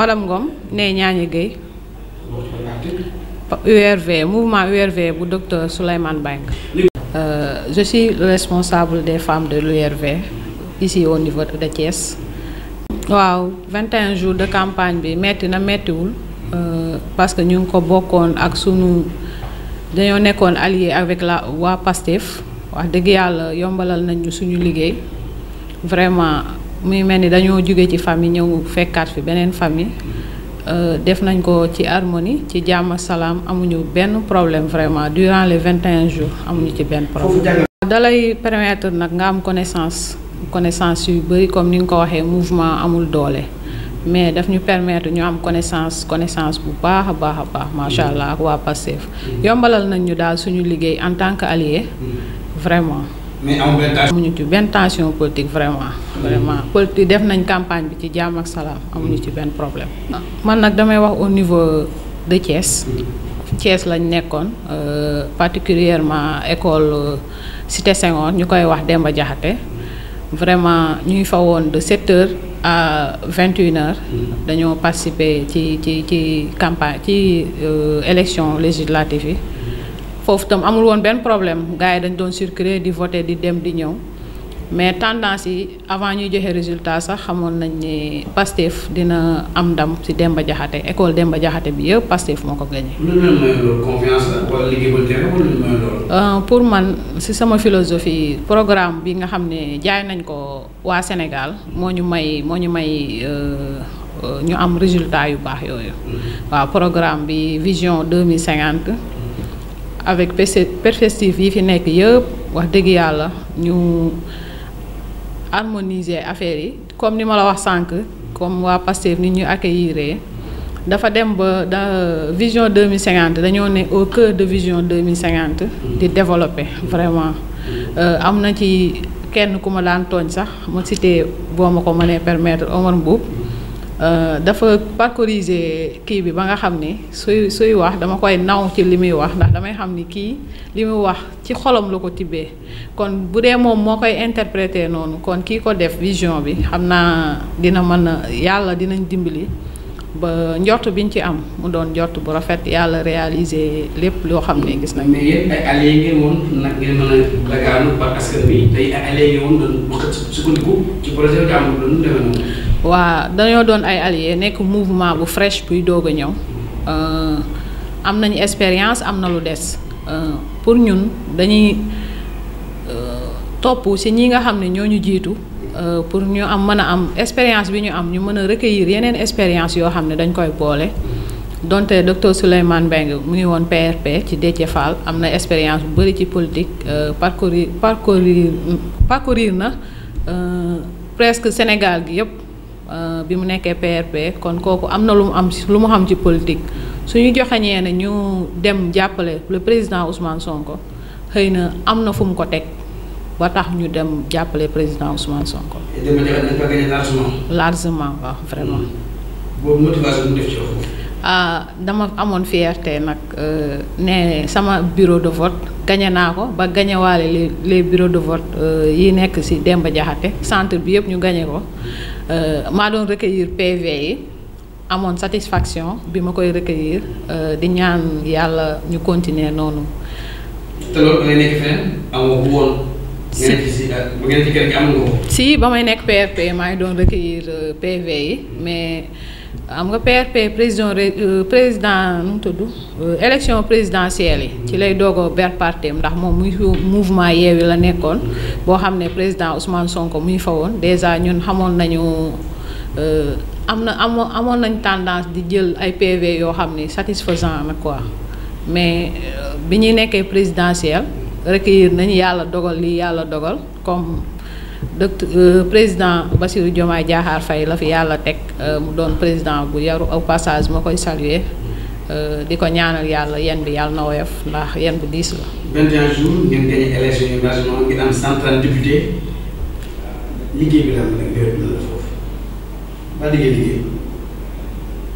madame ngoom nee Ñaañi Guèye URV mouvement URV bu docteur Souleymane Bank euh, je suis responsable des femmes de l'URV isi au niveau de Thiès waaw 21 jours de campagne bi metti na mettiwul euh, parce que ñu ngi ko bokkoon ak sunu dañoo nekkoon allié avec la waa PASTEF wax dëgg yàlla yombalal nañu suñu liggéey vraiment muy mel ni dañoo jóge ci famille ñëw fekkaat fi beneen famille euh, def nañ ko ci harmonie ci jàmm salaam amuñu benn problème vraiment durant les vingt et jours amuñu ci benn problème. dalay permettre nag nga am connaissance connaissance yu bëri comme ni nga ko waxee mouvement amul doole mais daf ñu permettre ñu am connaissance connessance bu baax a baax a baax macha allah waa Pastef mm. yombalal nañ ñu daal suñu liggéey en tant que allié mm. vraiment. mais amul amuñu ci benn tension politique vraiment. vraiment politique def nañ campagne bi ci jàmm ak salaam. amuñu ci benn problème. man nag damay wax au niveau de Thiès. Mm-hmm. Thiès lañ nekkoon euh, particulièrement école euh, Cité Senghor ñu koy wax Demba Diakhaté vraiment ñuy fa woon de 7 heures à 21 heures. Mm-hmm. dañoo participer ci ci ci campagne ci euh, élection législative yi. foofu tam amul woon benn problème gars yi dañ doon circuler di voter di dem di ñëw mais tendance yi avant ñuy joxe résultat sax xamoon nañ ni Pastef dina am ndam ci Demba école Demba bi yëpp Pastef moo ko gagné. Euh, pour man ci sama philosophie programme bi nga xam ne jaay nañ ko waa Sénégal moo ñu may moo ñu may. Euh, euh, ñu am résultat yu baax yooyu. Mm-hmm. waaw programme bi vision cinquante avec perspective yi fi nekk yëpp wax dëgg yàlla ñu harmoniser affaire yi comme ni ma la wax sànq comme waa Pastef ni ñu accueillir dafa dem ba da vision 2050 dañoo ne au cœur de vision 2050 di développer vraiment euh, am na ci kenn ku ma daan tooñ sax ma cité boo ma ko mënee permettre Omar Mboup Euh, dafa parcouriser kii bi ba nga xam ni suy suy wax dama koy naw ci li muy wax ndax damay xam ni kii li muy wax ci xolom la ko tibbee kon bu dee moom moo koy interpréter noonu kon kii ko def vision bi xam naa dina mën a yàlla dinañ dimbali ba njort biñ ci am mu doon njort bu rafet yàlla réaliser lépp loo xam ne gis nañ. nag waa dañoo doon ay alliés nekk mouvement bu fresh buy doog a ñëw euh, am nañu expérience am na lu des euh, pour ñun dañuy euh, topp ci ñi nga xam ne ñoo ñu jiitu pour ñu am mën a am expérience bi ñu am ñu mën a recueillir yeneen expérience yoo xam ne dañ koy boole donte docteur Souleymane Mbengue mu ngi woon PRP ci Déthié Fall am na expérience bu bëri ci politique parcourir parcourir parcourir na presque Sénégal gi yëpp. Euh, bi mu nekkee PRP kon kooku am na lu mu am ci lu mu xam ci politique suñu joxañee ne ñu dem jàppale le président Ousmane Sonko xëy na am na fu mu ko teg ba tax ñu dem jàppale président Ousmane Sonko. largement. largement waaw vraiment. Hmm. boobu motivation ah, dama amoon fierté nag euh, ne sama bureau de vote gañe naa ko ba gañewaale les les bureaux de vote euh, yi nekk ci Demba Diakhaté centre bi yëpp ñu gañe ko. Euh, maa doon recueillir PV yi amoon satisfaction bi ma koy recueillir euh, di ñaan yàlla ñu continuer noonu. te loolu nga nekk fenn amoo woon. Ah, si ba may nekk PRP maa doon recueillir euh, PV yi mais. am nga PRP président euh, président nu mu tudd euh, élection présidentielle yi ci lay doog a ber partem ndax moom muy mouvement yeewi la nekkoon boo xam ne président Ousmane Sonko muy fa woon déjà ñun xamoon nañu euh, am na amoon amoon nañ tendance di jël ay PV yoo xam ne satisfaisant na quoi mais bi ñuy nekkee présidentielle recueillir nañ yàlla dogal lii yàlla dogal comme docteur euh, président Bassirou Diomaye Diakhar Faye la fi yàlla teg euh, mu doon président bu yaru au passage ma koy saluer euh, di ko ñaanal yàlla yen bi yàlla na woyof ndax yen bu diis la. 21 jours ngeen gagné élection yi nationale ngeen am 130 députés liggéey bi daal nag yooyu dina la foofu ba liggéey liggéey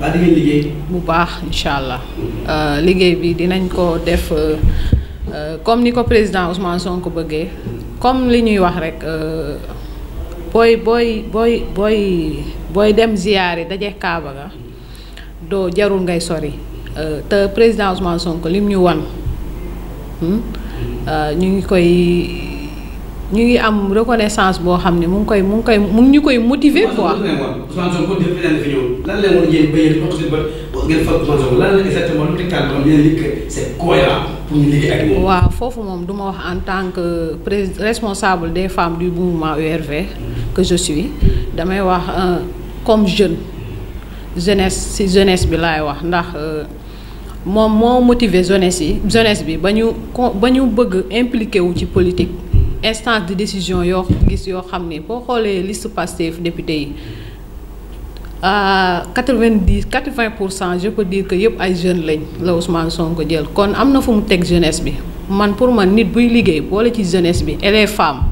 ba liggéey liggéey. bu baax incha allah. Mm-hmm. liggéey bi dinañ ko def. Euh, comme ni ko président Ousmane Sonko bëggee comme li ñuy wax rek euh, booy booy booy booy booy dem yi daje Kaaba ga doo jarul ngay sori euh, te président Ousmane Sonko lim ñu wan hmm? ñu ngi koy ñu ngi am reconnaissance boo xam ne mu ngi koy mu ngi koy mu motiver quoi. Ousmane pour ñu waaw foofu moom duma wax en tant que prés responsable des femmes du mouvement URV e que je damay wax euh, comme jeune jeunesse si jeunesse bi laay wax ndax euh, moom moo motiver jeunesse yi jeunesse bi ba ñu ko ba ñu bëgg impliqué wu ci politique instance de décision yoo gis yoo xam ni boo xoolee list Pastef député yi. aa euh, quatre vingt dix quatre vingt pour cent je peux dire que yëpp ay jeunes lañ la Ousmane Sonko jël kon am na fu mu teg jeunesse bi man pour man nit buy liggéey boole ci jeunesse bi et les femmes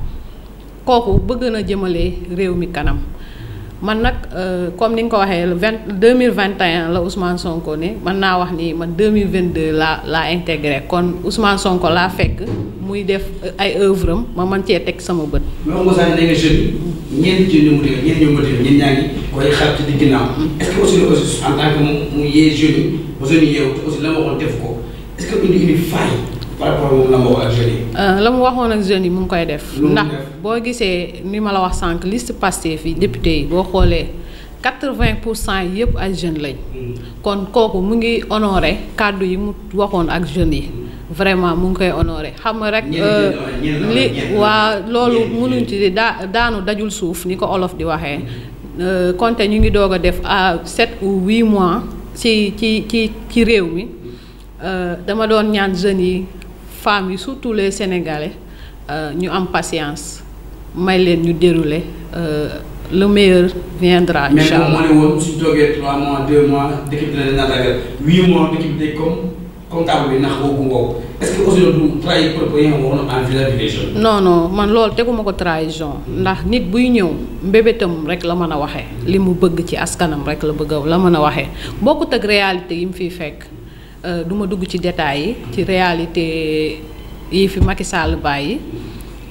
kooku bëgg na jëmalee réew mi kanam. man nag euh, comme ni nga ko waxee le vingt deux mille vingt et la Ousmane Sonko ne man naa wax ni man deux mille vingt deux laa laa intégré kon Ousmane Sonko laa fekk muy def euh, ay oeuvre am ma man cee teg sama bët. mais Oumou Sane nee nga jeune ñeent ci ñoom ñoo ñeent ñoom koy xar di ginnaaw. est que aussi aussi en tant que mu mu yee jeune yi ba jeune yi yeewu aussi la ma waxoon def ko est que indi par la ma euh, mu waxoon ak jeunes yi mu ngi koy def. ndax boo gisee ni ma la wax sànq liste Pastef fii député yi boo xoolee quatre-vingt pour cent yëpp ay jeunes lañ. Hmm. kon kooku mu ngi honoré kàddu yi mu waxoon ak jeunes yi. Hmm. vraiment mu ngi koy honoré xam nga rek euh, li waa loolu mënuñ ci daa daanu dajul suuf ni ko olof di waxee konte hmm. euh, ñu ngi doog a def à sept ou huit mois ci ci ci ci réew mi dama doon ñaan jeunes yi femmes yi surtout les sénégalais euh, ñu am patience may leen ñu dérouler euh, le meilleur viendra. incha allah moo ne bi dina ragal comme comptable bi nax boobu ngoow est-ce que man loolu teguma ko trahison ndax nit buy ñëw mbébétam rek la mën a waxee. li mu bëgg ci askanam rek la bëgg la mën a waxee bokkut ak réalité yi mu fiy fekk. Euh, du ma dugg ci détails yi ci réalité yi fi Macky Sall bàyyi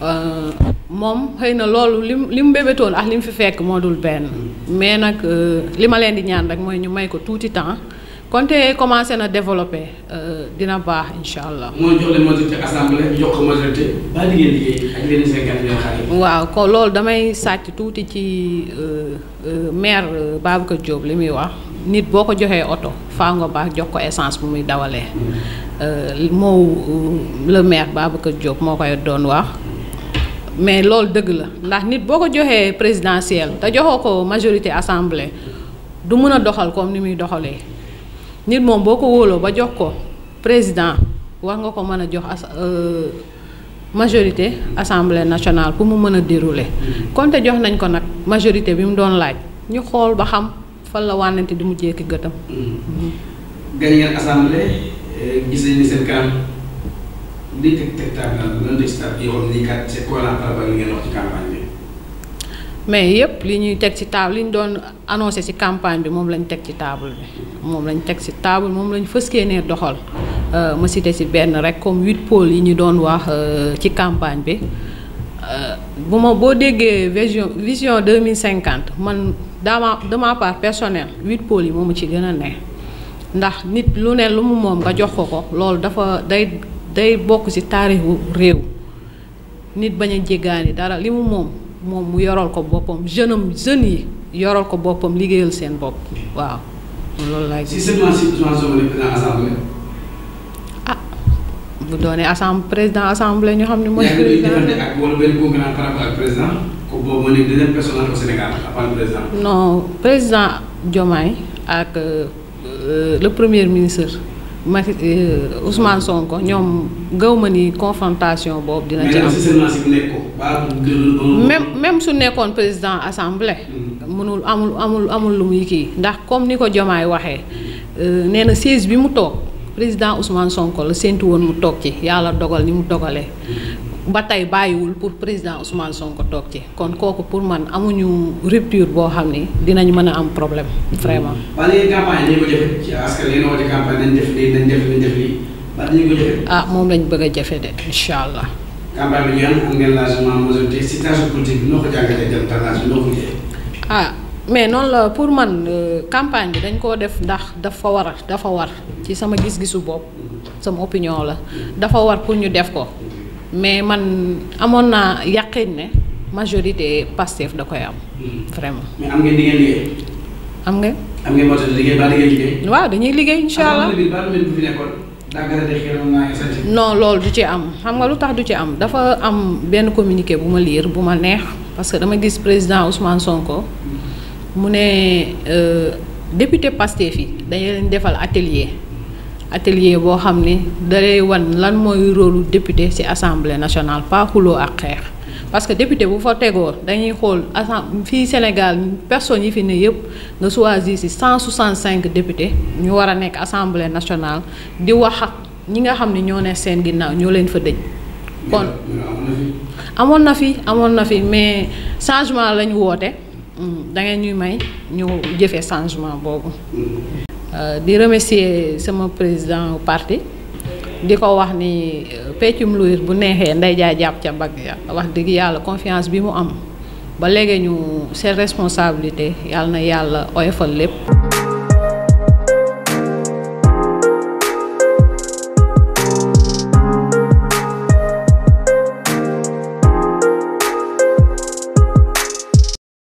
euh, moom xëy na loolu lim li mu bébétoon ak li mu fi fekk moo dul benn mais nag euh, li ma leen di ñaan rek mooy ñu may ko tuuti temps konte commencé na développer dina baax incha allah. mooy jox leen majorité assemblée jox ko ba liggéey liggéey ak yeneen seen gàncax yi. waaw ko loolu damay sàcc tuuti ci maire Babacar Diop li muy wax. nit boo ko joxee oto faa nga baax jox ko essence bu muy dawalee euh, moo le maire Babacar Diop moo koy doon wax mais loolu dëgg la ndax nit boo ko joxee présidentielle te joxoo ko majorité assemblée du mën a doxal comme ni muy doxalee nit moom boo ko wóoloo ba jox ko président war nga ko mën a jox as euh, majorité assemblée nationale pour mu mën a dérouler. konte jox nañ ko nag majorité bi mu doon laaj ñu xool ba xam. fan la wànnante di mujjee ki gëtam. gagné mm-hmm. ngeen assemblée eh, gis ni seen kanam lii teg teg table lan la si ci campagne bi. mais yépp li ñuy teg ci table li ñu doon annoncé ci campagne bi moom lañ teg ci table moom lañ teg ci table moom lañ fëskee nee doxal euh, ma cité ci benn rek comme huit pôles yi ñu doon wax euh, ci campagne bi. Euh, bu ma boo déggee vision vision deux mille cinquante man dama de ma part personnel huit pôles yi moom mu ci gën a ne ndax nit lu ne lu mu moom nga jox ko ko loolu dafa day day bokk ci taarixu réew nit bañ a jéggaani dara li mu moom moom mu yoral ko boppam jeune am yi yoral ko boppam liggéeyal seen bopp waaw loolu laay. si bu doonee assemblée président assemblée ñoo xam ne mooy. président ak wala ak président ko le président. non président Diomaye ak euh, le premier ministre Macky euh, Ousmane Sonko ñoom gëw ma ni confrontation boobu dina ci am. même même su nekkoon président assemblée. Mm. mënul amul amul amul lu muy kii ndax comme ni ko Diomaye waxee euh, nee na bi mu toog. président Ousmane Sonko la séntu woon mu toog ci yàlla dogal ni mu dogalee ba tey bàyyiwul pour président Ousmane Sonko toog ci kon kooku pour man amuñu rupture boo xam ni dinañ mën a am problème vraiment. ban mm. léegi campagne ñu ko jafe nañ ko jafe. ah moom lañ bëgg a jafe de allah. campagne bi noo ko jàngatee jëm tendance bi noo ko jëlee. ah. mais noonu la pour man euh, campagne bi dañ koo def ndax dafa war a dafa war ci sama gis-gisu bopp sama opinion la dafa war pour ñu def ko mais man amoon naa yàqin ne majorité Pastef da koy am vraiment. mais am nga di liggéey. am dañuy liggéey incha allah non loolu du ci am xam nga lu tax du ci am dafa am benn communiqué bu ma lire bu ma neex parce que dama gis président Ousmane Sonko. mu ne euh, député Pastef yi dañu leen defal atelier atelier boo xam ne dalay wan lan mooy rôlu député ci assemblée nationale pas xuloo ak xeex parce que député bu fa tegoo dañuy xool assemblée fii Sénégal personnes yi fi ne yëpp nga choisir ci cent soixante cinq député ñu war a nekk assemblée national di wax ak ñi nga xam ne ñoo ne seen ginnaaw ñoo leen fa dëj kon amoon na fi amoon na fi mais changement lañu woote Mm, da ngeen ñuy may ñu jëfee changement boobu. Euh, di remercier sama président parti di ko wax ni euh, peccum luur bu neexee nday jaay jàpp ca mbagg ya wax dëgg yàlla confiance bi mu am ba léegi ñu seen responsabilité yàlla na yàlla oyofal lépp.